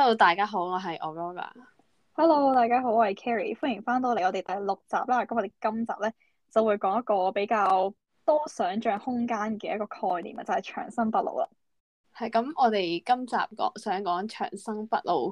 Hello，大家好，我係 Olga。Hello，大家好，我係 Carrie。歡迎翻到嚟我哋第六集啦。咁我哋今集咧，就會講一個比較多想象空間嘅一個概念啊，就係、是、長生不老啦。係咁，我哋今集講想講長生不老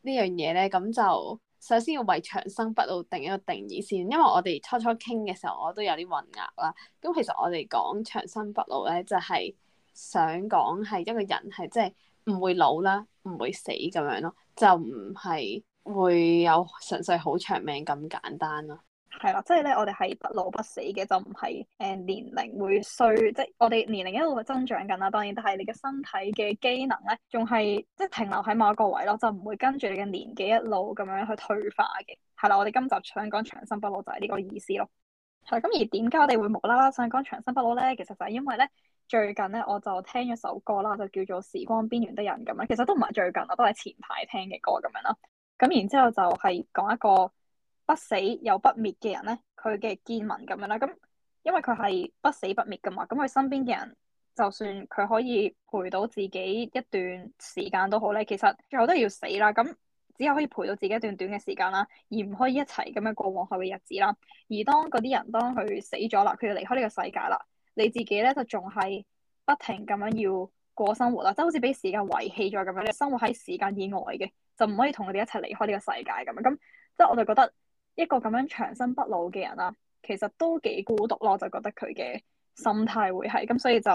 呢樣嘢咧，咁就首先要為長生不老定一個定義先，因為我哋初初傾嘅時候我都有啲混淆啦。咁其實我哋講長生不老咧，就係、是、想講係一個人係即係。就是唔會老啦，唔會死咁樣咯，就唔係會有純粹好長命咁簡單咯。係啦，即係咧，我哋係不老不死嘅，就唔係誒年齡會衰，即係我哋年齡一路係增長緊啦。當然，但係你嘅身體嘅機能咧，仲係即係停留喺某一個位咯，就唔會跟住你嘅年紀一路咁樣去退化嘅。係啦，我哋今集想講長生不老就係呢個意思咯。係，咁而點解我哋會無啦啦想講長生不老咧？其實就係因為咧，最近咧我就聽咗首歌啦，就叫做《時光邊緣的人》咁樣。其實都唔係最近啊，都係前排聽嘅歌咁樣啦。咁然之後就係講一個不死又不滅嘅人咧，佢嘅見聞咁樣啦。咁因為佢係不死不滅㗎嘛，咁佢身邊嘅人就算佢可以陪到自己一段時間都好咧，其實最後都係要死啦。咁只可以陪到自己一段短嘅時間啦，而唔可以一齊咁樣過往後嘅日子啦。而當嗰啲人當佢死咗啦，佢就離開呢個世界啦，你自己咧就仲係不停咁樣要過生活啦，即係好似俾時間遺棄咗咁樣，你生活喺時間以外嘅，就唔可以同佢哋一齊離開呢個世界咁樣。咁即係我就覺得一個咁樣長生不老嘅人啦，其實都幾孤獨咯，我就覺得佢嘅心態會係咁，所以就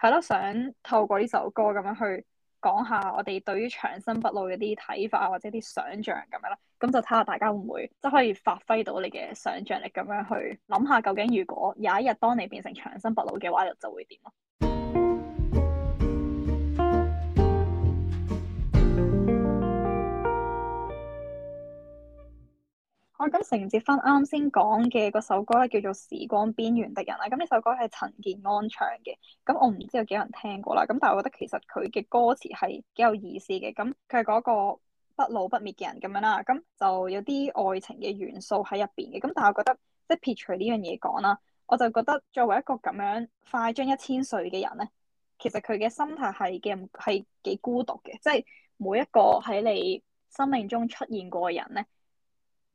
係咯，想透過呢首歌咁樣去講下我哋對於長生不老嘅啲睇法或者啲想像咁樣啦，咁就睇下大家會唔會即係可以發揮到你嘅想像力咁樣去諗下，究竟如果有一日當你變成長生不老嘅話，就就會點咯？咁承接翻啱先講嘅嗰首歌咧，叫做《時光邊緣的人》啦。咁呢首歌係陳健安唱嘅。咁我唔知有幾多人聽過啦。咁但係我覺得其實佢嘅歌詞係幾有意思嘅。咁佢係嗰個不老不滅嘅人咁樣啦。咁就有啲愛情嘅元素喺入邊嘅。咁但係我覺得，即係撇除呢樣嘢講啦，我就覺得作為一個咁樣快將一千歲嘅人咧，其實佢嘅心態係幾係幾孤獨嘅。即係每一個喺你生命中出現過嘅人咧。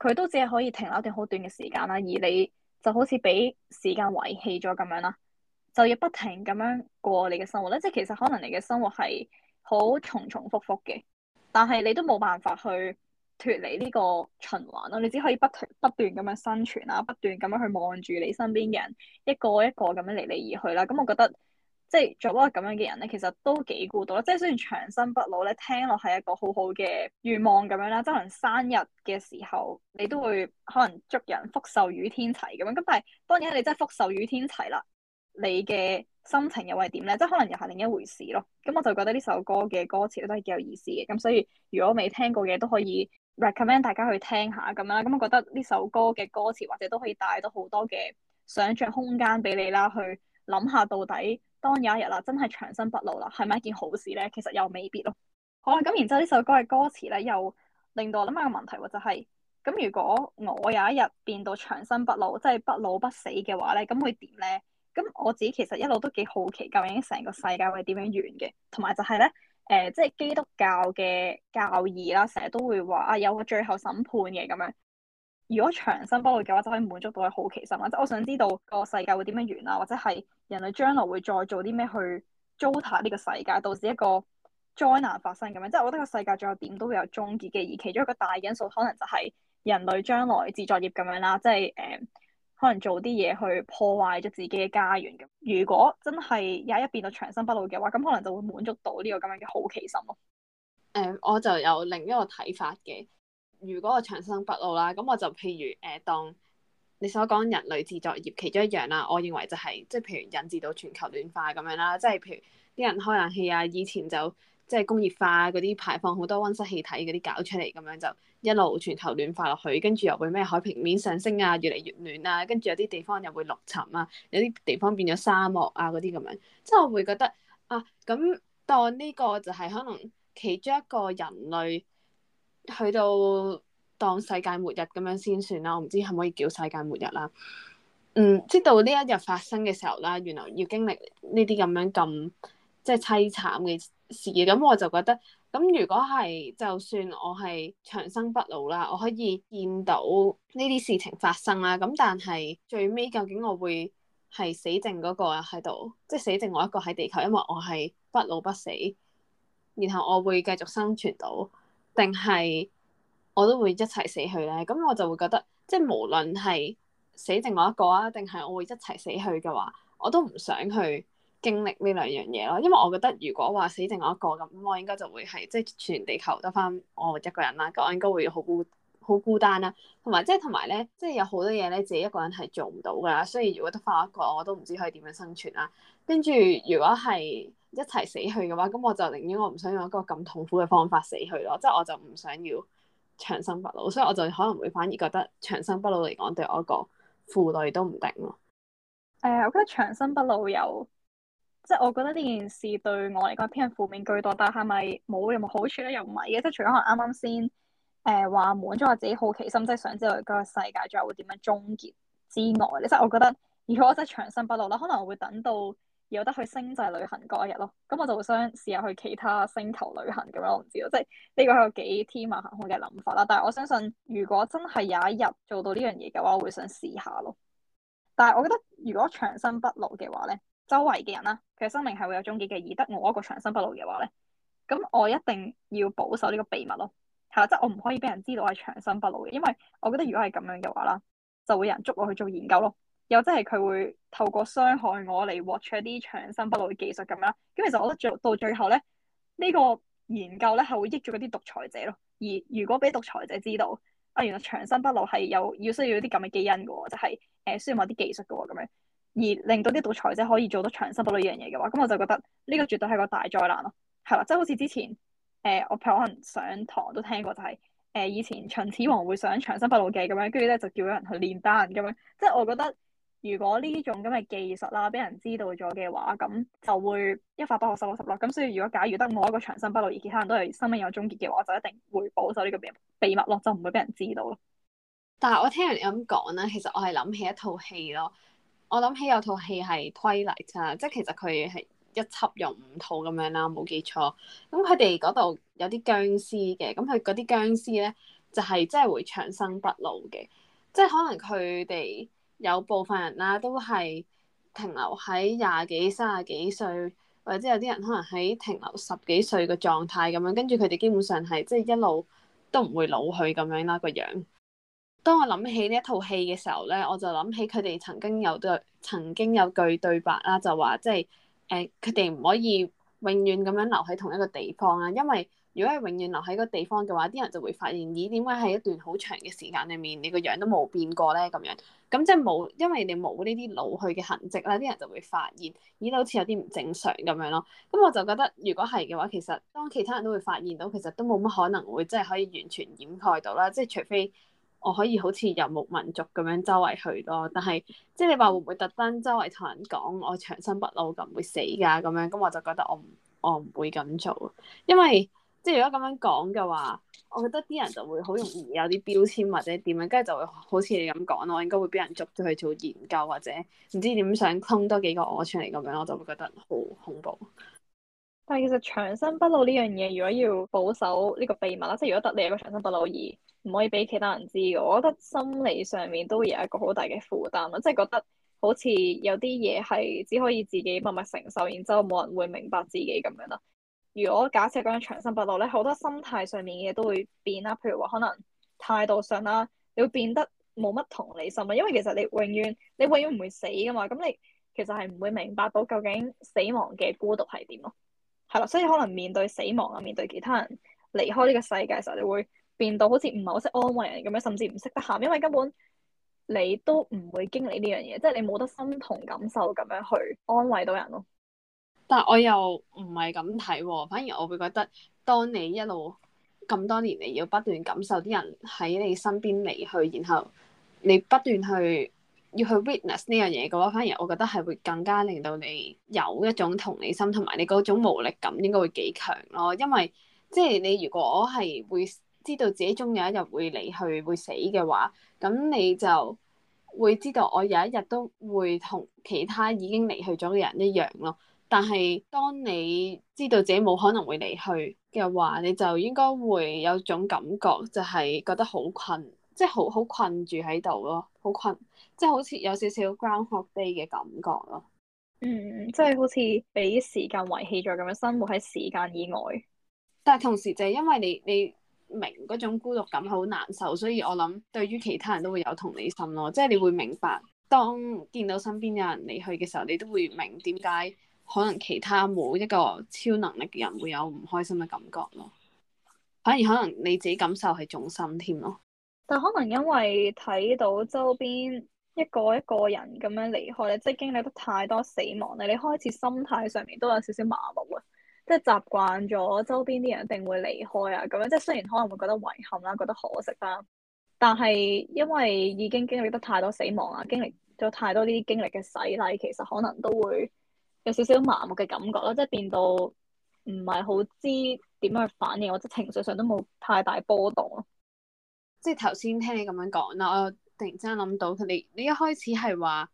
佢都只係可以停留一段好短嘅時間啦，而你就好似俾時間遺棄咗咁樣啦，就要不停咁樣過你嘅生活咧。即係其實可能你嘅生活係好重重複複嘅，但係你都冇辦法去脫離呢個循環咯。你只可以不停不斷咁樣生存啊，不斷咁樣去望住你身邊嘅人一個一個咁樣離你而去啦。咁我覺得。即係做嗰個咁樣嘅人咧，其實都幾孤獨啦。即係雖然長生不老咧，聽落係一個好好嘅願望咁樣啦。即係可能生日嘅時候，你都會可能祝人福壽與天齊咁樣。咁但係當然你真係福壽與天齊啦，你嘅心情又係點咧？即係可能又係另一回事咯。咁我就覺得呢首歌嘅歌詞都係幾有意思嘅。咁所以如果未聽過嘅都可以 recommend 大家去聽下咁樣啦。咁我覺得呢首歌嘅歌詞或者都可以帶到好多嘅想像空間俾你啦，去諗下到底。當有一日啦，真係長生不老啦，係咪一件好事咧？其實又未必咯。好啦，咁然之後呢首歌嘅歌詞咧，又令到我諗下個問題喎，就係咁。如果我有一日變到長生不老，即係不老不死嘅話咧，咁會點咧？咁我自己其實一路都幾好奇，究竟成個世界係點樣完嘅？同埋就係咧，誒，即係基督教嘅教義啦，成日都會話啊，有個最後審判嘅咁樣。如果長生不老嘅話，就可以滿足到嘅好奇心啦，即我想知道個世界會點樣完啦，或者係人類將來會再做啲咩去糟蹋呢個世界，導致一個災難發生咁樣。即係我覺得個世界最後點都會有終結嘅，而其中一個大因素可能就係人類將來自作孽咁樣啦，即係誒、嗯、可能做啲嘢去破壞咗自己嘅家園。如果真係有一日變到長生不老嘅話，咁可能就會滿足到呢個咁樣嘅好奇心咯。誒，um, 我就有另一個睇法嘅。如果我長生不老啦，咁我就譬如誒、呃，當你所講人類自作孽其中一樣啦，我認為就係即係譬如引致到全球暖化咁樣啦，即係譬如啲人開冷氣啊，以前就即係工業化嗰啲排放好多溫室氣體嗰啲搞出嚟咁樣就一路全球暖化落去，跟住又會咩海平面上升啊，越嚟越暖啊，跟住有啲地方又會陸沉啊，有啲地方變咗沙漠啊嗰啲咁樣，即係我會覺得啊，咁當呢個就係可能其中一個人類。去到當世界末日咁樣先算啦，我唔知可唔可以叫世界末日啦。嗯，即到呢一日發生嘅時候啦，原來要經歷呢啲咁樣咁即係淒慘嘅事，咁我就覺得咁如果係就算我係長生不老啦，我可以見到呢啲事情發生啦，咁但係最尾究竟我會係死剩嗰個喺度，即係死剩我一個喺地球，因為我係不老不死，然後我會繼續生存到。定係我都會一齊死去咧，咁我就會覺得，即係無論係死剩我一個啊，定係我會一齊死去嘅話，我都唔想去經歷呢兩樣嘢咯。因為我覺得如果話死剩我一個咁，我應該就會係即係全地球得翻我一個人啦，咁我應該會好孤好孤單啦。同埋即係同埋咧，即係有好多嘢咧，自己一個人係做唔到噶啦。所以如果得翻一個，我都唔知可以點樣生存啦。跟住如果係，一齊死去嘅話，咁我就寧願我唔想用一個咁痛苦嘅方法死去咯，即係我就唔想要長生不老，所以我就可能會反而覺得長生不老嚟講對我一個負累都唔定咯。誒、呃，我覺得長生不老有，即係我覺得呢件事對我嚟講偏向負面居多，但係咪冇任何好處咧？又唔係嘅，即係除咗可能啱啱先誒話、呃、滿足我自己好奇心，即係想知道嗰個世界最後會點樣終結之外，即係我覺得如果我真係長生不老啦，可能我會等到。有得去星際旅行嗰一日咯，咁我就會想試下去其他星球旅行咁樣，我唔知道，即係呢、這個係個幾天馬行空嘅諗法啦。但係我相信，如果真係有一日做到呢樣嘢嘅話，我會想試下咯。但係我覺得，如果長生不老嘅話咧，周圍嘅人啦、啊，佢嘅生命係會有終結嘅，而得我一個長生不老嘅話咧，咁我一定要保守呢個秘密咯，係啊，即係我唔可以俾人知道我係長生不老嘅，因為我覺得如果係咁樣嘅話啦，就會有人捉我去做研究咯。有即係佢會透過傷害我嚟獲取一啲長生不老嘅技術咁樣，咁其實我覺得做到最後咧，呢、呢個研究咧係會益咗嗰啲獨裁者咯。而如果俾獨裁者知道啊，原來長生不老係有要需要啲咁嘅基因嘅喎，即係、呃、需要某啲技術嘅喎咁樣，而令到啲獨裁者可以做到長生不老呢樣嘢嘅話，咁我就覺得呢個絕對係個大災難咯。係啦，即係好似之前誒、呃、我可能上堂都聽過、就係，就係誒以前秦始皇會想長生不老嘅咁樣，跟住咧就叫咗人去煉丹咁樣，即係我覺得。如果呢種咁嘅技術啦，俾人知道咗嘅話，咁就會一發不可收拾咯。咁所以，如果假如得我一個長生不老，而其他人都係生命有終結嘅話，我就一定會保守呢個秘秘密咯，就唔會俾人知道咯。但係我聽人咁講咧，其實我係諗起一套戲咯。我諗起有套戲係 Twilight，即係其實佢係一輯用五套咁樣啦，冇記錯。咁佢哋嗰度有啲僵屍嘅，咁佢嗰啲僵屍咧就係、係、真係會長生不老嘅，即係可能佢哋。有部分人啦、啊，都係停留喺廿幾、三十幾歲，或者有啲人可能喺停留十幾歲嘅狀態咁樣，跟住佢哋基本上係即係一路都唔會老去咁樣啦個樣。當我諗起呢一套戲嘅時候咧，我就諗起佢哋曾經有對曾經有句對白啦、啊，就話即係誒佢哋唔可以永遠咁樣留喺同一個地方啦、啊，因為。如果係永遠留喺個地方嘅話，啲人就會發現咦點解喺一段好長嘅時間裏面，你個樣都冇變過咧咁樣，咁即係冇，因為你冇呢啲老去嘅痕跡啦，啲人就會發現咦都好似有啲唔正常咁樣咯。咁我就覺得如果係嘅話，其實當其他人都會發現到，其實都冇乜可能會即係可以完全掩蓋到啦，即係除非我可以好似游牧民族咁樣周圍去咯。但係即係你話會唔會特登周圍同人講我長生不老咁會死㗎咁樣？咁我就覺得我唔我唔會咁做，因為。即係如果咁樣講嘅話，我覺得啲人就會好容易有啲標籤或者點樣，跟住就會好似你咁講咯。應該會俾人捉咗去做研究或者唔知點想 clone 多幾個我出嚟咁樣，我就會覺得好恐怖。但係其實長生不老呢樣嘢，如果要保守呢個秘密啦，即係如果得你一個長生不老而唔可以俾其他人知嘅，我覺得心理上面都會有一個好大嘅負擔啦，即係覺得好似有啲嘢係只可以自己默默承受，然之後冇人會明白自己咁樣啦。如果假設講長生不老咧，好多心態上面嘅嘢都會變啦。譬如話，可能態度上啦，你會變得冇乜同理心啦。因為其實你永遠你永遠唔會死噶嘛，咁你其實係唔會明白到究竟死亡嘅孤獨係點咯，係啦。所以可能面對死亡啊，面對其他人離開呢個世界時候，你會變到好似唔係好識安慰人咁樣，甚至唔識得喊，因為根本你都唔會經歷呢樣嘢，即係你冇得心同感受咁樣去安慰到人咯。但我又唔係咁睇喎。反而我會覺得，當你一路咁多年嚟，要不斷感受啲人喺你身邊離去，然後你不斷去要去 witness 呢樣嘢嘅話，反而我覺得係會更加令到你有一種同理心，同埋你嗰種無力感應該會幾強咯。因為即係你，如果我係會知道自己終有一日會離去會死嘅話，咁你就會知道我有一日都會同其他已經離去咗嘅人一樣咯。但係，當你知道自己冇可能會離去嘅話，你就應該會有種感覺，就係覺得好困，即係好好困住喺度咯，好困，即係好似有少少 Groundhog Day 嘅感覺咯。嗯，即係好似俾時間遺棄咗咁樣，生活喺時間以外。但係同時，就係因為你你明嗰種孤獨感好難受，所以我諗對於其他人都會有同理心咯。即係你會明白，當見到身邊有人離去嘅時候，你都會明點解。可能其他冇一個超能力嘅人會有唔開心嘅感覺咯，反而可能你自己感受係重心添咯。但可能因為睇到周邊一個一個人咁樣離開咧，即係經歷得太多死亡咧，你開始心態上面都有少少麻木啊，即係習慣咗周邊啲人一定會離開啊。咁樣即係雖然可能會覺得遺憾啦，覺得可惜啦，但係因為已經經歷得太多死亡啦，經歷咗太多啲經歷嘅洗禮，其實可能都會。有少少麻木嘅感覺咯，即係變到唔係好知點樣去反應，或者情緒上都冇太大波動咯。即係頭先聽你咁樣講啦，我突然之間諗到佢哋，你一開始係話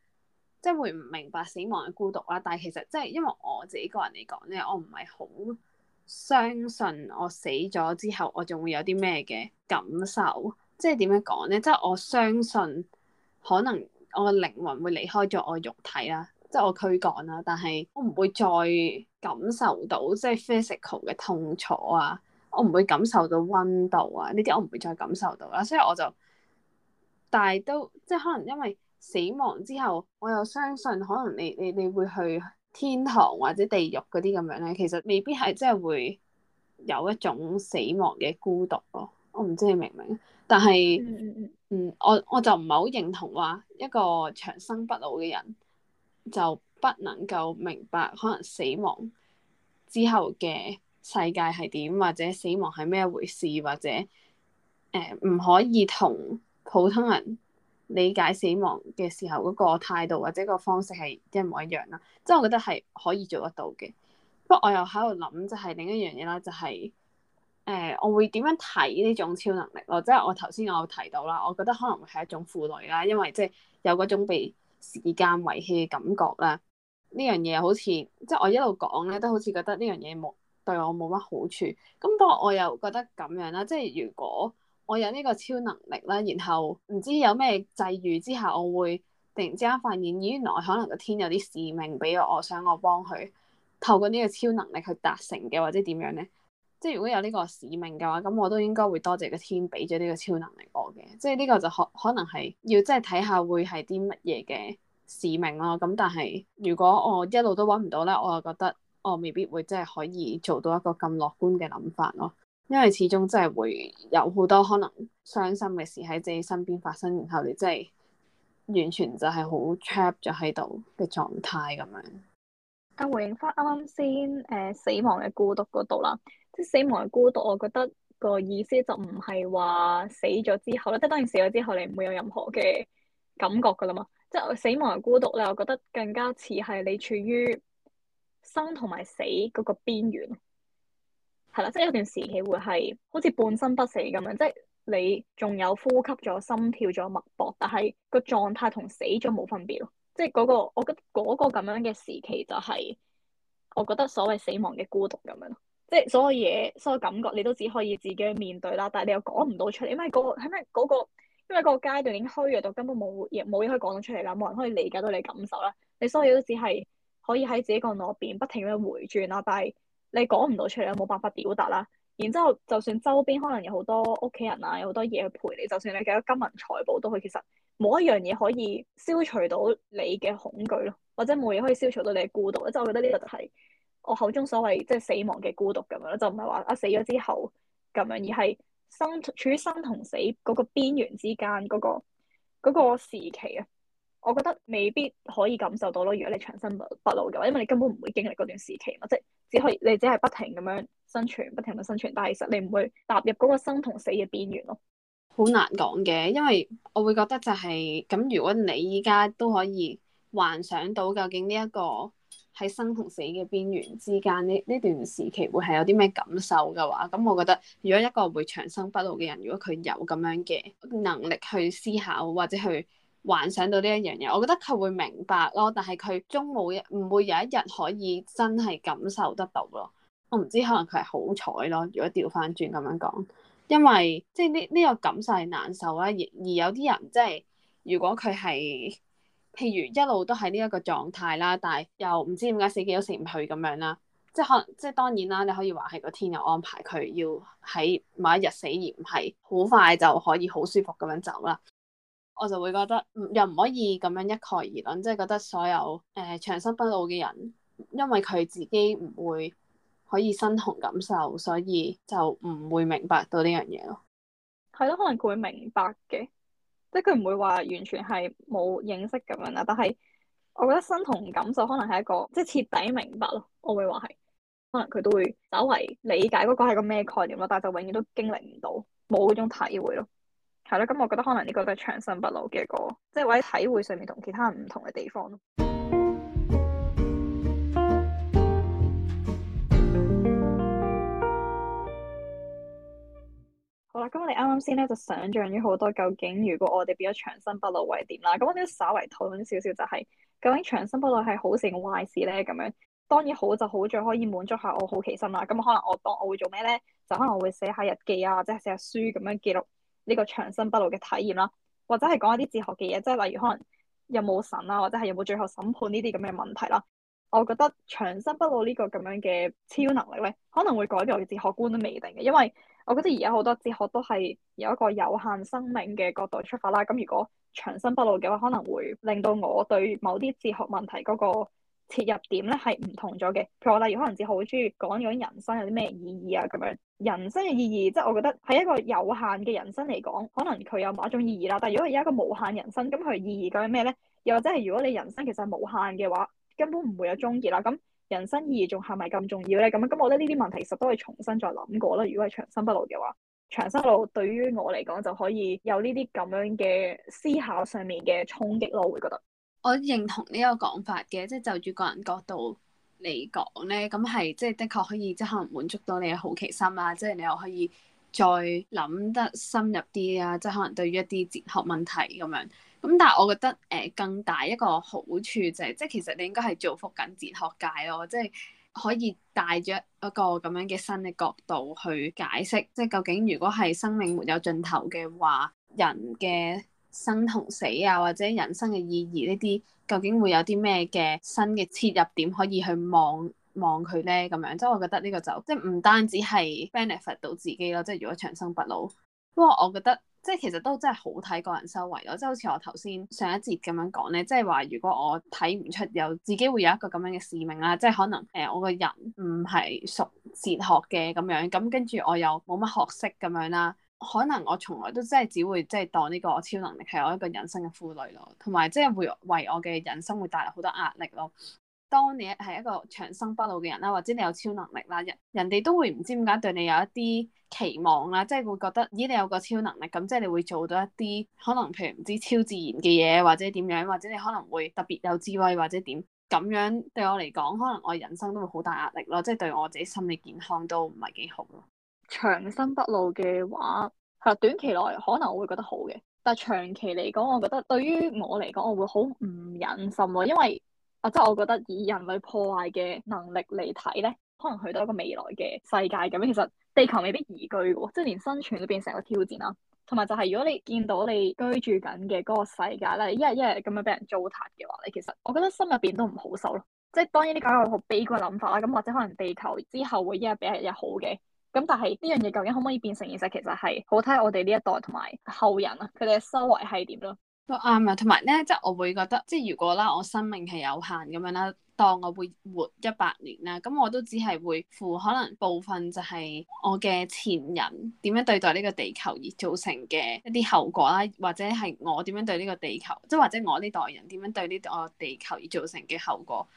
即係會唔明白死亡嘅孤獨啦，但係其實即係因為我自己個人嚟講咧，我唔係好相信我死咗之後我仲會有啲咩嘅感受。即係點樣講咧？即係我相信可能我嘅靈魂會離開咗我肉體啦。即係我驅趕啦、啊，但係我唔會再感受到即係 physical 嘅痛楚啊，我唔會感受到溫度啊，呢啲我唔會再感受到啦、啊，所以我就，但係都即係可能因為死亡之後，我又相信可能你你你會去天堂或者地獄嗰啲咁樣咧，其實未必係真係會有一種死亡嘅孤獨咯、啊。我唔知你明唔明？但係，嗯，我我就唔係好認同話一個長生不老嘅人。就不能夠明白可能死亡之後嘅世界係點，或者死亡係咩回事，或者誒唔、呃、可以同普通人理解死亡嘅時候嗰個態度或者個方式係一模一樣啦。即係我覺得係可以做得到嘅。不過我又喺度諗就係另一樣嘢啦，就係、是、誒、呃、我會點樣睇呢種超能力咯？即係我頭先有提到啦，我覺得可能會係一種負累啦，因為即係有嗰種被。時間遺棄嘅感覺啦，呢樣嘢好似即係我一路講咧，都好似覺得呢樣嘢冇對我冇乜好處。咁不過我又覺得咁樣啦，即係如果我有呢個超能力啦，然後唔知有咩際遇之下，我會突然之間發現原來可能個天有啲使命俾我，我想我幫佢透過呢個超能力去達成嘅，或者點樣咧？即係如果有呢個使命嘅話，咁我都應該會多謝個天 e 俾咗呢個超能力我嘅。即係呢個就可可能係要即係睇下會係啲乜嘢嘅使命咯。咁但係如果我一路都揾唔到咧，我又覺得我未必會真係可以做到一個咁樂觀嘅諗法咯。因為始終真係會有好多可能傷心嘅事喺自己身邊發生，然後你真係完全就係好 trap 咗喺度嘅狀態咁樣。阿回應翻啱啱先誒死亡嘅孤獨嗰度啦。即死亡係孤獨，我覺得個意思就唔係話死咗之後咧，即當然死咗之後你唔會有任何嘅感覺噶啦嘛。即死亡係孤獨咧，我覺得更加似係你處於生同埋死嗰個邊緣，係啦，即有段時期會係好似半生不死咁樣，即你仲有呼吸咗、心跳咗、脈搏，但係個狀態同死咗冇分別咯。即嗰、那個我覺得嗰個咁樣嘅時期就係、是，我覺得所謂死亡嘅孤獨咁樣。即係所有嘢，所有感覺，你都只可以自己去面對啦。但係你又講唔到出嚟，因為嗰、嗰個嗰個，因為因為嗰個階段已經虛弱到根本冇嘢，冇嘢可以講到出嚟啦，冇人可以理解到你感受啦。你所有都只係可以喺自己個腦入邊不停咁樣回轉啦。但係你講唔到出嚟，冇辦法表達啦。然之後，就算周邊可能有好多屋企人啊，有好多嘢去陪你，就算你幾多金銀財寶都好，其實冇一樣嘢可以消除到你嘅恐懼咯，或者冇嘢可以消除到你嘅孤獨啦。即係、就係、我覺得呢個就係、係。我口中所謂即係死亡嘅孤獨咁樣咯，就唔係話啊死咗之後咁樣，而係生處於生同死嗰個邊緣之間嗰個嗰個時期啊。我覺得未必可以感受到咯。如果你長生不老嘅話，因為你根本唔會經歷嗰段時期嘛，即係只可以你只係不停咁樣生存，不停咁生存，但係其實你唔會踏入嗰個生同死嘅邊緣咯。好難講嘅，因為我會覺得就係咁。如果你依家都可以幻想到究竟呢一個。喺生同死嘅邊緣之間呢呢段時期會係有啲咩感受嘅話，咁我覺得如果一個會長生不老嘅人，如果佢有咁樣嘅能力去思考或者去幻想到呢一樣嘢，我覺得佢會明白咯。但係佢終冇一唔會有一日可以真係感受得到咯。我唔知可能佢係好彩咯。如果調翻轉咁樣講，因為即係呢呢個感受係難受啊，而而有啲人即係如果佢係。譬如一路都喺呢一個狀態啦，但係又唔知點解死幾多都死唔去咁樣啦，即係可能即係當然啦，你可以話係個天有安排佢要喺某一日死而，而唔係好快就可以好舒服咁樣走啦。我就會覺得又唔可以咁樣一概而論，即係覺得所有誒、呃、長生不老嘅人，因為佢自己唔會可以身同感受，所以就唔會明白到呢樣嘢咯。係咯，可能佢會明白嘅。即係佢唔會話完全係冇認識咁樣啦，但係我覺得身同感受可能係一個即係徹底明白咯，我會話係，可能佢都會稍為理解嗰個係個咩概念咯，但係就永遠都經歷唔到，冇嗰種體會咯，係咯，咁，嗯，我覺得可能呢個都係長生不老嘅一個，即係我喺體會上面同其他人唔同嘅地方咯。咁我哋啱啱先咧就想像咗好多，究竟如果我哋變咗長生不老係點啦？咁我哋都稍為討論少少，就是，就係究竟長生不老係好事定壞事咧？咁樣當然好就好在可以滿足下我好奇心啦。咁可能我當我會做咩咧？就可能我會寫下日記啊，或者寫書咁樣記錄呢個長生不老嘅體驗啦，或者係講一啲哲學嘅嘢，即係例如可能有冇神啊，或者係有冇最後審判呢啲咁嘅問題啦。我覺得長生不老呢個咁樣嘅超能力咧，可能會改變我嘅哲學觀都未定嘅，因為，我覺得而家好多哲學都係有一個有限生命嘅角度出發啦。咁如果長生不老嘅話，可能會令到我對某啲哲學問題嗰個切入點咧係唔同咗嘅。譬如我例如可能哲學會中意講嗰人生有啲咩意義啊咁樣。人生嘅意義，即、就、係、是、我覺得喺一個有限嘅人生嚟講，可能佢有某一種意義啦。但係如果係一個無限人生，咁佢意義究竟咩咧？又或者係如果你人生其實係無限嘅話，根本唔會有終結啦。咁。人生意義仲係咪咁重要咧？咁咁，我覺得呢啲問題其實都係重新再諗過啦。如果係長生不老嘅話，長生不老對於我嚟講就可以有呢啲咁樣嘅思考上面嘅衝擊咯。會覺得我認同呢個講法嘅，即係就住、是、個人角度嚟講咧，咁係即係的確可以即係、就是、可能滿足到你嘅好奇心啊，即、就、係、是、你又可以。再諗得深入啲啊，即係可能對於一啲哲學問題咁樣。咁但係我覺得誒、呃，更大一個好處就係、是，即係其實你應該係造福緊哲學界咯，即係可以帶着一個咁樣嘅新嘅角度去解釋，即係究竟如果係生命沒有盡頭嘅話，人嘅生同死啊，或者人生嘅意義呢啲，究竟會有啲咩嘅新嘅切入點可以去望？望佢咧咁樣，即係我覺得呢個就即係唔單止係 benefit 到自己咯，即係如果長生不老。不過我覺得即係其實都真係好睇個人修為咯，即係好似我頭先上一節咁樣講咧，即係話如果我睇唔出有自己會有一個咁樣嘅使命啦，即係可能誒、呃、我個人唔係熟哲學嘅咁樣，咁跟住我又冇乜學識咁樣啦，可能我從來都真係只會即係當呢個超能力係我一個人生嘅負累咯，同埋即係會為我嘅人生會帶來好多壓力咯。當你係一個長生不老嘅人啦，或者你有超能力啦，人人哋都會唔知點解對你有一啲期望啦，即係會覺得咦，你有個超能力，咁即係你會做到一啲可能譬如唔知超自然嘅嘢，或者點樣，或者你可能會特別有智慧或者點，咁樣對我嚟講，可能我人生都會好大壓力咯，即係對我自己心理健康都唔係幾好咯。長生不老嘅話，喺短期內可能我會覺得好嘅，但係長期嚟講，我覺得對於我嚟講，我會好唔忍心咯，因為。啊，即係我覺得以人類破壞嘅能力嚟睇咧，可能去到一個未來嘅世界咁樣，其實地球未必宜居嘅，即係連生存都變成一個挑戰啦。同埋就係如果你見到你居住緊嘅嗰個世界咧，一日一日咁樣俾人糟蹋嘅話，你其實我覺得心入邊都唔好受咯。即係當然啲科學家有好悲觀嘅諗法啦，咁或者可能地球之後會一日比一日好嘅。咁但係呢樣嘢究竟可唔可以變成現實？其實係好睇我哋呢一代同埋後人啊，佢哋嘅修為係點咯。都啱啊，同埋咧，即係我會覺得，即係如果啦，我生命係有限咁樣啦，當我會活一百年啦，咁我都只係會負可能部分就係我嘅前人點樣對待呢個地球而造成嘅一啲後果啦，或者係我點樣對呢個地球，即係或者我呢代人點樣對呢個地球而造成嘅後果，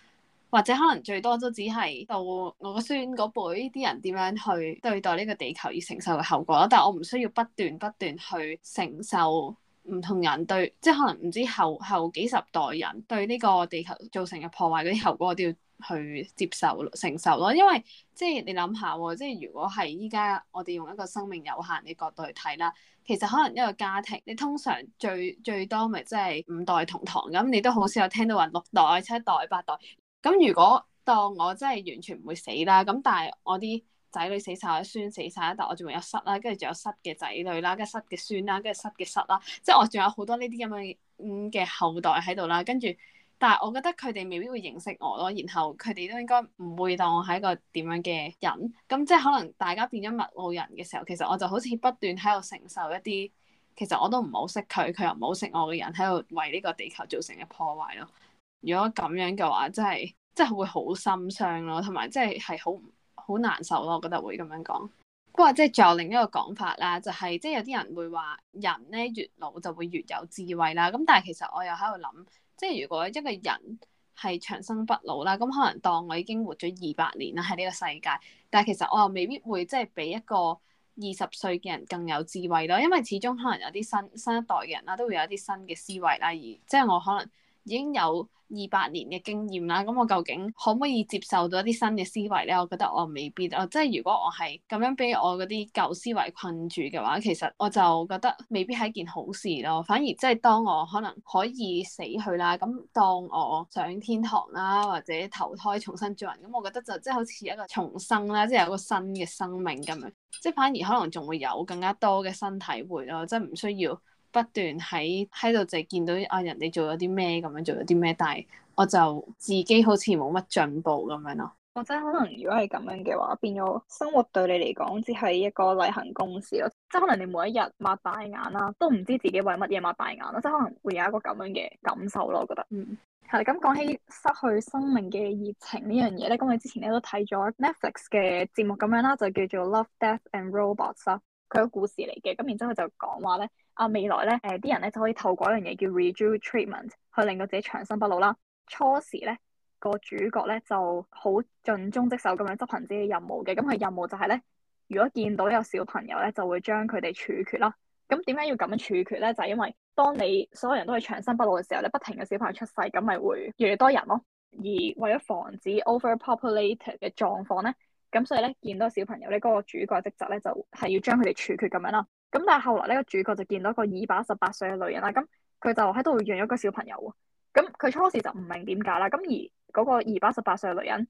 或者可能最多都只係到我嘅孫嗰輩啲人點樣去對待呢個地球而承受嘅後果啦，但我唔需要不斷不斷去承受。唔同人對，即係可能唔知後後幾十代人對呢個地球造成嘅破壞嗰啲後果我都要去接受承受咯，因為即係你諗下喎，即係、啊、如果係依家我哋用一個生命有限嘅角度去睇啦，其實可能一個家庭你通常最最多咪即係五代同堂咁，你都好少有聽到話六代、七代、八代咁。如果當我真係完全唔會死啦，咁但係我啲。仔女死曬，我孫死曬，但我仲有失啦，跟住仲有失嘅仔女啦，跟住失嘅孫啦，跟住失嘅失啦，即係我仲有好多呢啲咁樣嘅後代喺度啦。跟住，但係我覺得佢哋未必會認識我咯。然後佢哋都應該唔會當我係一個點樣嘅人。咁即係可能大家變咗陌路人嘅時候，其實我就好似不斷喺度承受一啲，其實我都唔好識佢，佢又唔好識我嘅人喺度為呢個地球造成嘅破壞咯。如果咁樣嘅話，真係真係會好心傷咯，同埋即係係好。好難受咯，我覺得會咁樣講。不過即係仲有另一個講法啦，就係即係有啲人會話人咧越老就會越有智慧啦。咁但係其實我又喺度諗，即係如果一個人係長生不老啦，咁可能當我已經活咗二百年啦喺呢個世界，但係其實我又未必會即係比一個二十歲嘅人更有智慧咯。因為始終可能有啲新新一代嘅人啦，都會有啲新嘅思維啦，而即係我可能。已經有二八年嘅經驗啦，咁我究竟可唔可以接受到一啲新嘅思維咧？我覺得我未必，我即係如果我係咁樣俾我嗰啲舊思維困住嘅話，其實我就覺得未必係一件好事咯。反而即係當我可能可以死去啦，咁當我上天堂啦，或者投胎重新做人，咁我覺得就即係好似一個重生啦，即係有個新嘅生命咁樣，即係反而可能仲會有更加多嘅新體會咯，即係唔需要。不斷喺喺度就係見到啊，人哋做咗啲咩，咁樣做咗啲咩，但係我就自己好似冇乜進步咁樣咯。或者可能如果係咁樣嘅話，變咗生活對你嚟講只係一個例行公事咯。即係可能你每一日擘大眼啦，都唔知自己為乜嘢擘大眼啦，即係可能會有一個咁樣嘅感受咯。我覺得，嗯，係咁講起失去生命嘅熱情呢樣嘢咧，咁我之前咧都睇咗 Netflix 嘅節目咁樣啦，就叫做《Love, Death and Robots》啦，佢個故事嚟嘅，咁然之後就講話咧。啊，未來咧，誒、呃、啲人咧就可以透過一樣嘢叫 rejuvenation treatment 去令到自己長生不老啦。初時咧，嗰個主角咧就好盡忠職守咁樣執行自己嘅任務嘅。咁佢任務就係咧，如果見到一個小朋友咧，就會將佢哋處決啦。咁點解要咁樣處決咧？就係、是、因為當你所有人都係長生不老嘅時候咧，不停嘅小朋友出世，咁咪會越嚟越多人咯。而為咗防止 overpopulated 嘅狀況咧，咁所以咧見到小朋友咧，嗰、那個主角職責咧就係、是、要將佢哋處決咁樣啦。咁但係後來咧，個主角就見到一個二百十八歲嘅女人啦。咁佢就喺度養咗個小朋友喎。咁佢初時就唔明點解啦。咁而嗰個二百十八歲嘅女人，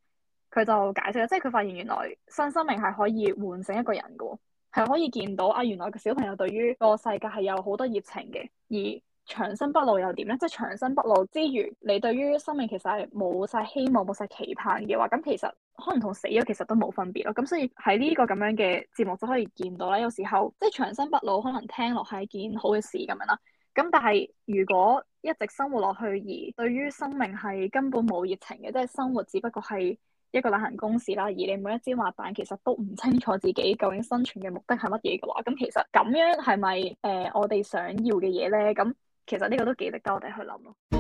佢就解釋啦，即係佢發現原來新生命係可以喚醒一個人㗎喎，係可以見到啊，原來個小朋友對於個世界係有好多熱情嘅。而長生不老又點咧？即係長生不老之餘，你對於生命其實係冇晒希望、冇晒期盼嘅話，咁其實～可能同死咗其實都冇分別咯，咁所以喺呢個咁樣嘅節目就可以見到啦。有時候即係長生不老可能聽落係一件好嘅事咁樣啦。咁但係如果一直生活落去，而對於生命係根本冇熱情嘅，即係生活只不過係一個例行公事啦，而你每一支滑板其實都唔清楚自己究竟生存嘅目的係乜嘢嘅話，咁其實咁樣係咪誒我哋想要嘅嘢咧？咁其實呢個都幾值得我哋去諗咯。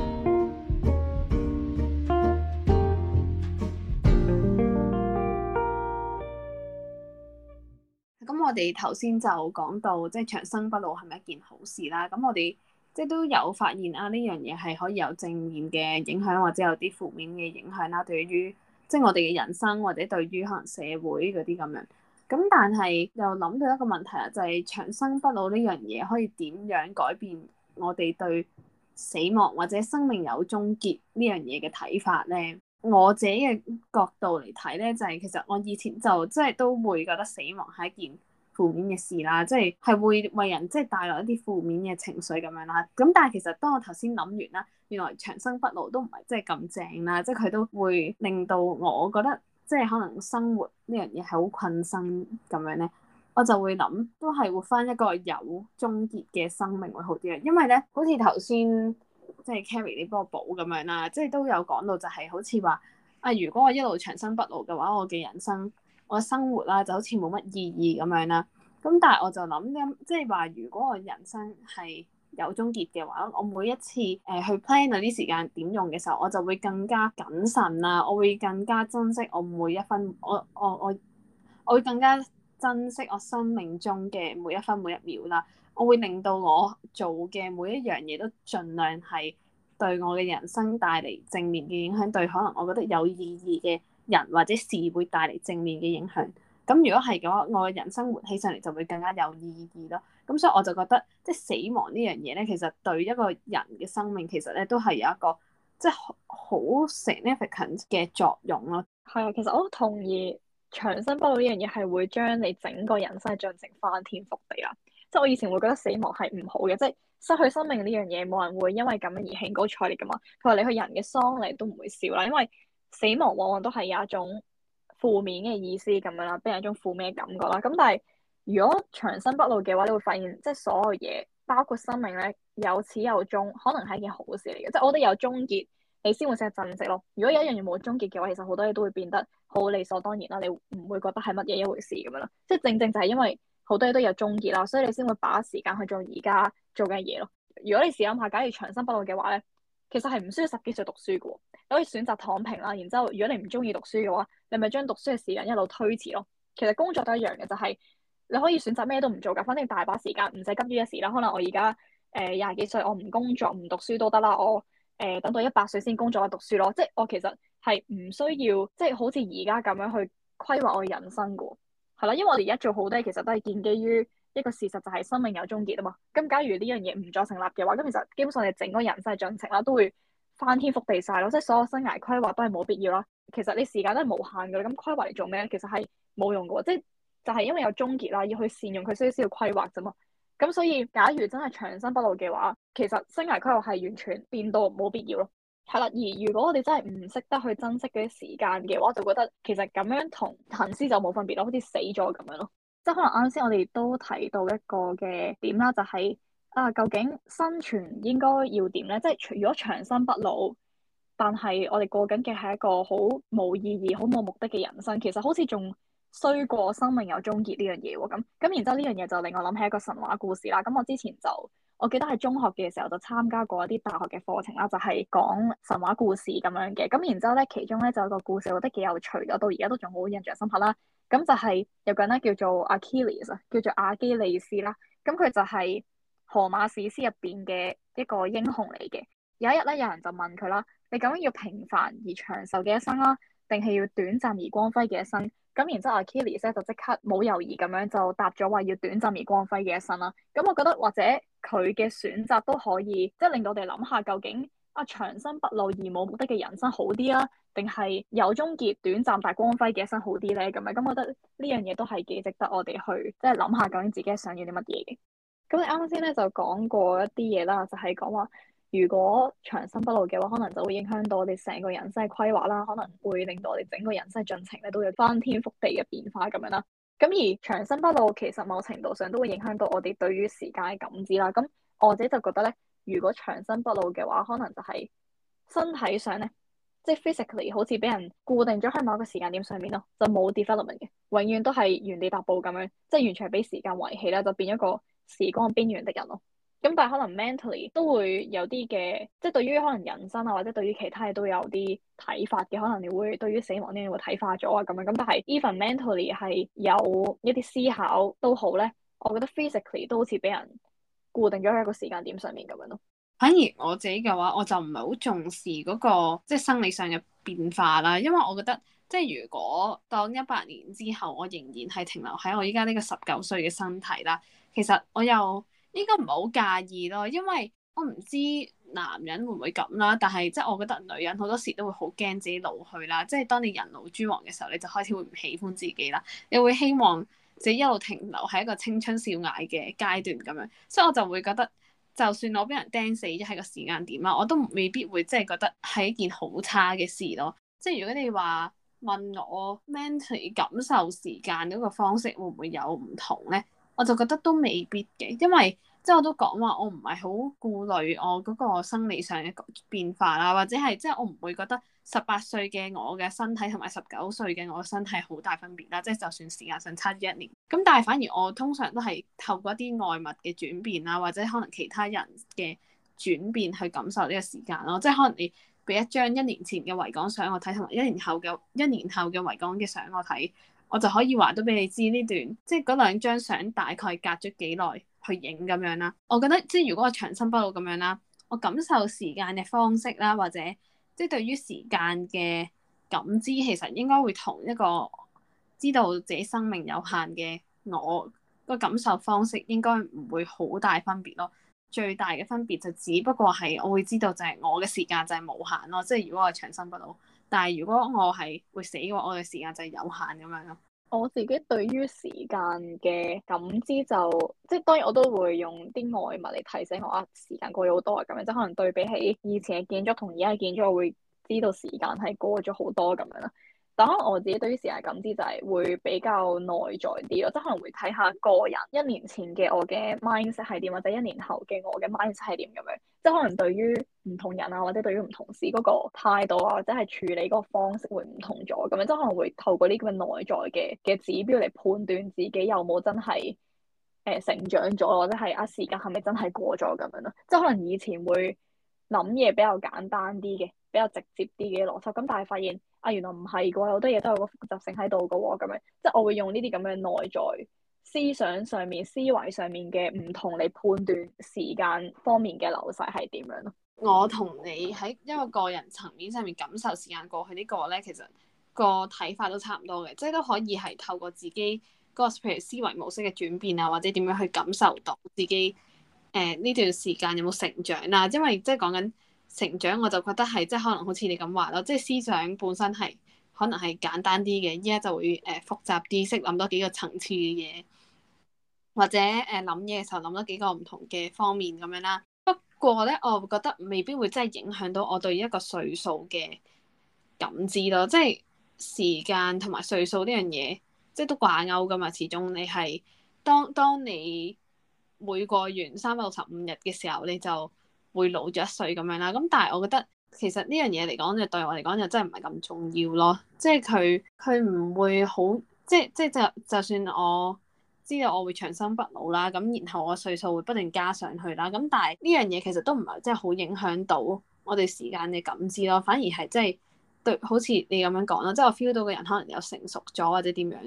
我哋頭先就講到即係長生不老係咪一件好事啦。咁我哋即係都有發現啊，呢樣嘢係可以有正面嘅影響，或者有啲負面嘅影響啦。對於即係我哋嘅人生，或者對於可能社會嗰啲咁樣。咁但係又諗到一個問題啊，就係長生不老呢樣嘢可以點樣改變我哋對死亡或者生命有終結呢樣嘢嘅睇法咧？我自己嘅角度嚟睇咧，就係其實我以前就即係都會覺得死亡係一件負面嘅事啦，即係係會為人即係帶來一啲負面嘅情緒咁樣啦。咁但係其實當我頭先諗完啦，原來長生不老都唔係即係咁正啦，即係佢都會令到我覺得即係可能生活樣呢樣嘢係好困身咁樣咧，我就會諗都係活返一個有終結嘅生命會好啲嘅，因為咧好似頭先即係 Kerry 你幫我補咁樣啦，即係都有講到就係、是、好似話啊，如果我一路長生不老嘅話，我嘅人生。我生活啦，就好似冇乜意義咁樣啦。咁但係我就諗咁，即係話如果我人生係有終結嘅話，我每一次誒、呃、去 plan 嗰啲時間點用嘅時候，我就會更加謹慎啦。我會更加珍惜我每一分，我我我，我會更加珍惜我生命中嘅每一分每一秒啦。我會令到我做嘅每一樣嘢都盡量係對我嘅人生帶嚟正面嘅影響，對可能我覺得有意義嘅。人或者事會帶嚟正面嘅影響，咁如果係嘅話，我嘅人生活起上嚟就會更加有意義咯。咁所以我就覺得，即係死亡呢樣嘢咧，其實對一個人嘅生命其實咧都係有一個即係好 significant 嘅作用咯。係啊，其實我都同意長生不老呢樣嘢係會將你整個人生造成翻天覆地啦。即係我以前會覺得死亡係唔好嘅，即係失去生命呢樣嘢，冇人會因為咁樣而興高采烈㗎嘛。佢話你去人嘅喪禮都唔會笑啦，因為死亡往往都係有一種負面嘅意思咁樣啦，俾人一種負面嘅感覺啦。咁但係如果長生不老嘅話，你會發現即係、就是、所有嘢包括生命咧有始有終，可能係一件好事嚟嘅。即、就、係、是、我覺得有終結，你先會識得珍惜咯。如果有一樣嘢冇終結嘅話，其實好多嘢都會變得好理所當然啦。你唔會覺得係乜嘢一回事咁樣啦。即、就、係、是、正正就係因為好多嘢都有終結啦，所以你先會把握時間去做而家做嘅嘢咯。如果你試諗下，假如長生不老嘅話咧～其實係唔需要十幾歲讀書嘅，你可以選擇躺平啦。然之後，如果你唔中意讀書嘅話，你咪將讀書嘅時間一路推遲咯。其實工作都一樣嘅，就係、是、你可以選擇咩都唔做㗎，反正大把時間唔使急於一時啦。可能我而家誒廿幾歲，我唔工作唔讀書都得啦。我誒、呃、等到一百歲先工作啊讀書咯。即係我其實係唔需要，即係好似而家咁樣去規劃我嘅人生嘅喎，係啦。因為我而家做好多嘢，其實都係建基於一個事實就係生命有終結啊嘛，咁假如呢樣嘢唔再成立嘅話，咁其實基本上你整個人生嘅進程啦，都會翻天覆地晒咯，即係所有生涯規劃都係冇必要啦。其實你時間都係無限嘅啦，咁規劃嚟做咩咧？其實係冇用噶，即係就係因為有終結啦，要去善用佢，所以先要規劃啫嘛。咁所以假如真係長生不老嘅話，其實生涯規劃係完全變到冇必要咯，係啦。而如果我哋真係唔識得去珍惜嗰啲時間嘅話，我就覺得其實咁樣同行屍就冇分別咯，好似死咗咁樣咯。即係可能啱先，我哋都提到一個嘅點啦，就係啊，究竟生存應該要點咧？即係除咗長生不老，但係我哋過緊嘅係一個好冇意義、好冇目的嘅人生，其實好似仲衰過生命有終結呢樣嘢喎。咁咁然之後呢樣嘢就令我諗起一個神話故事啦。咁我之前就我記得喺中學嘅時候就參加過一啲大學嘅課程啦，就係講神話故事咁樣嘅。咁然之後咧，其中咧就有個故事，我覺得幾有趣，咗到而家都仲好印象深刻啦。咁就係有個人咧，叫做阿基里斯啊，叫做阿基里斯啦。咁佢就係荷馬史詩入邊嘅一個英雄嚟嘅。有一日咧，有人就問佢啦：你究竟要平凡而長壽嘅一生啦，定係要短暫而光輝嘅一生？咁然之後阿基里斯咧就即刻冇猶豫咁樣就答咗話要短暫而光輝嘅一生啦。咁我覺得或者佢嘅選擇都可以，即係令到我哋諗下究竟。啊，長生不老而冇目的嘅人生好啲啊，定係有終結、短暫大光輝嘅一生好啲咧？咁啊，咁我覺得呢樣嘢都係幾值得我哋去即係諗下，究竟自己係想要啲乜嘢嘅。咁你啱啱先咧就講過一啲嘢啦，就係講話如果長生不老嘅話，可能就會影響到我哋成個人生嘅規劃啦，可能會令到我哋整個人生嘅進程咧都有翻天覆地嘅變化咁樣啦。咁而長生不老其實某程度上都會影響到我哋對於時間嘅感知啦。咁我自己就覺得咧。如果長生不老嘅話，可能就係身體上咧，即係 physically 好似俾人固定咗喺某個時間點上面咯，就冇 development 嘅，永遠都係原地踏步咁樣，即係完全係俾時間遺棄啦，就變一個時光邊緣的人咯。咁但係可能 mentally 都會有啲嘅，即係對於可能人生啊，或者對於其他嘢都有啲睇法嘅，可能你會對於死亡呢樣嘢會睇化咗啊咁樣。咁但係 even mentally 係有一啲思考都好咧，我覺得 physically 都好似俾人。固定咗喺一個時間點上面咁樣咯。反而我自己嘅話，我就唔係好重視嗰個即係生理上嘅變化啦。因為我覺得即係如果當一百年之後，我仍然係停留喺我依家呢個十九歲嘅身體啦，其實我又應該唔係好介意咯。因為我唔知男人會唔會咁啦，但係即係我覺得女人好多時都會好驚自己老去啦。即係當你人老珠黃嘅時候，你就開始會唔喜歡自己啦，你會希望。即係一路停留喺一個青春少艾嘅階段咁樣，所以我就會覺得，就算我俾人釘死，喺個時間點啊，我都未必會即係覺得係一件好差嘅事咯。即係如果你話問我 mental 感受時間嗰個方式會唔會有唔同咧，我就覺得都未必嘅，因為即係我都講話我唔係好顧慮我嗰個生理上嘅變化啦，或者係即係我唔會覺得。十八歲嘅我嘅身體同埋十九歲嘅我身體好大分別啦，即係就算時間上差咗一年，咁但係反而我通常都係透過一啲外物嘅轉變啦，或者可能其他人嘅轉變去感受呢個時間咯，即係可能你俾一張一年前嘅維港相我睇，同埋一年後嘅一年後嘅維港嘅相我睇，我就可以話都俾你知呢段，即係嗰兩張相大概隔咗幾耐去影咁樣啦。我覺得即係如果我長生不老咁樣啦，我感受時間嘅方式啦，或者。即係對於時間嘅感知，其實應該會同一個知道自己生命有限嘅我個感受方式，應該唔會好大分別咯。最大嘅分別就只不過係，我會知道就係我嘅時間就係無限咯，即係如果我係長生不老。但係如果我係會死嘅話，我嘅時間就係有限咁樣咯。我自己對於時間嘅感知就，即係當然我都會用啲外物嚟提醒我啊，時間過咗好多啊咁樣，即係可能對比起以前嘅建築同而家嘅建築，我會知道時間係過咗好多咁樣啦。咁我自己對於時日感知就係會比較內在啲咯，即係可能會睇下個人一年前嘅我嘅 mindset 係點，或者一年後嘅我嘅 mindset 係點咁樣。即係可能對於唔同人啊，或者對於唔同事嗰個態度啊，或者係處理嗰個方式會唔同咗咁樣。即係可能會透過呢個內在嘅嘅指標嚟判斷自己有冇真係誒成長咗，或者係啊時間係咪真係過咗咁樣咯。即係可能以前會諗嘢比較簡單啲嘅，比較直接啲嘅邏輯，咁但係發現。啊，原來唔係喎，好多嘢都有個複雜性喺度㗎喎，咁樣即係我會用呢啲咁嘅內在思想上面、思維上面嘅唔同嚟判斷時間方面嘅流逝係點樣咯。我同你喺一個個人層面上面感受時間過去個呢個咧，其實個睇法都差唔多嘅，即係都可以係透過自己嗰、那個譬如思維模式嘅轉變啊，或者點樣去感受到自己誒呢、呃、段時間有冇成長嗱、啊，因為即係講緊。成長我就覺得係即係可能好似你咁話咯，即係思想本身係可能係簡單啲嘅，依家就會誒、呃、複雜啲，識諗多幾個層次嘅嘢，或者誒諗嘢嘅時候諗多幾個唔同嘅方面咁樣啦。不過咧，我覺得未必會真係影響到我對一個歲數嘅感知咯，即係時間同埋歲數呢樣嘢，即係都掛鈎噶嘛。始終你係當當你每過完三百六十五日嘅時候，你就。會老咗一歲咁樣啦。咁但係我覺得其實呢樣嘢嚟講，就對我嚟講就真係唔係咁重要咯。即係佢佢唔會好即係即係就就算我知道我會長生不老啦，咁然後我歲數會不停加上去啦。咁但係呢樣嘢其實都唔係真係好影響到我哋時間嘅感知咯。反而係即係對好似你咁樣講咯，即係我 feel 到個人可能有成熟咗或者點樣，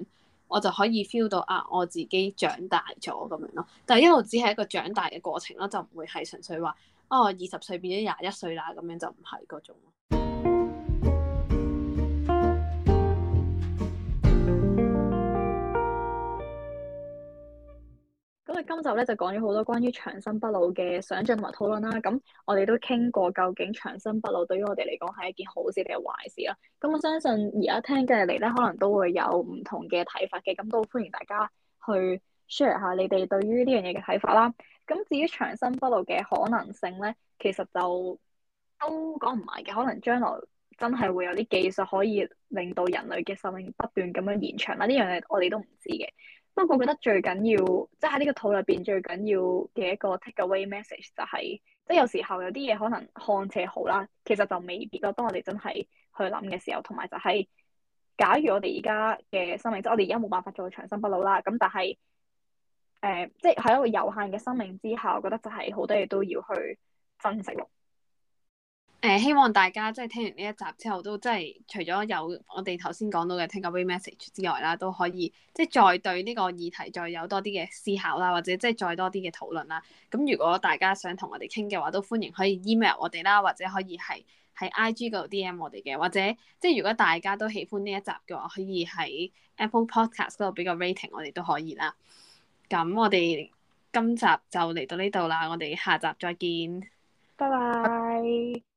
我就可以 feel 到啊我自己長大咗咁樣咯。但係一路只係一個長大嘅過程咯，就唔會係純粹話。哦，二十歲變咗廿一歲啦，咁樣就唔係嗰種。咁啊，今集咧就講咗好多關於長生不老嘅想像同埋討論啦。咁我哋都傾過，究竟長生不老對於我哋嚟講係一件好事定係壞事啦。咁我相信而家聽嘅嚟咧，可能都會有唔同嘅睇法嘅。咁都歡迎大家去 share 下你哋對於呢樣嘢嘅睇法啦。咁至於長生不老嘅可能性咧，其實就都講唔埋嘅。可能將來真係會有啲技術可以令到人類嘅壽命不斷咁樣延長啦。呢樣嘢我哋都唔知嘅。不過我覺得最緊要，即係喺呢個套入邊最緊要嘅一個 take away message 就係，即係有時候有啲嘢可能看似好啦，其實就未必咯。當我哋真係去諗嘅時候，同埋就係，假如我哋而家嘅生命即係我哋而家冇辦法再長生不老啦。咁但係。誒，即係喺一個有限嘅生命之下，我覺得就係好多嘢都要去分析咯。誒，希望大家即係聽完呢一集之後，都即係除咗有我哋頭先講到嘅 Takeaway Message 之外啦，都可以即係再對呢個議題再有多啲嘅思考啦，或者即係再多啲嘅討論啦。咁如果大家想同我哋傾嘅話，都歡迎可以 email 我哋啦，或者可以係喺 IG 嗰度 DM 我哋嘅，或者即係如果大家都喜歡呢一集嘅話，可以喺 Apple Podcast 嗰度俾個 rating，我哋都可以啦。咁我哋今集就嚟到呢度啦，我哋下集再見，拜拜。